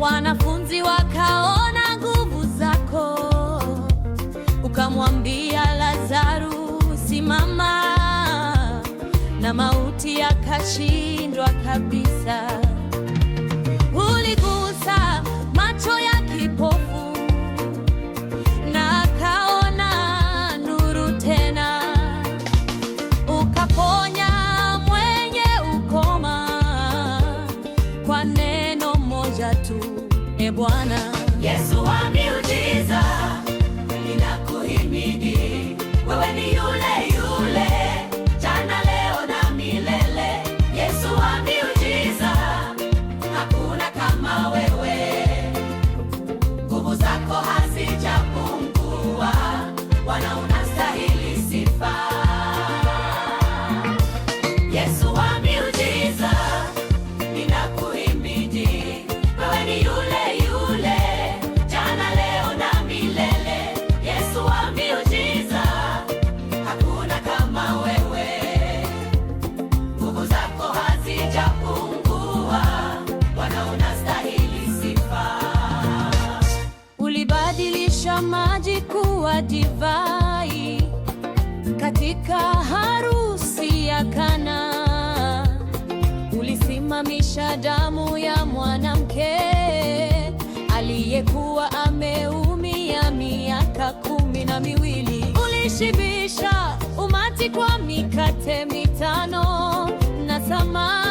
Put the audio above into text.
wanafunzi wakaona nguvu zako, ukamwambia Lazaru simama, na mauti yakashindwa kabisa. moja tu, e Bwana Yesu wa miujiza, ninakuhimidi. ni yule yule jana, leo na milele. Yesu wa miujiza, hakuna kama wewe. Nguvu zako hazijapungua, Bwana unastahili sifa. Ulibadilisha maji kuwa divai katika harusi ya Kana. Ulisimamisha damu ya mwanamke aliyekuwa ameumia miaka kumi na miwili. Ulishibisha umati kwa mikate mitano na samaki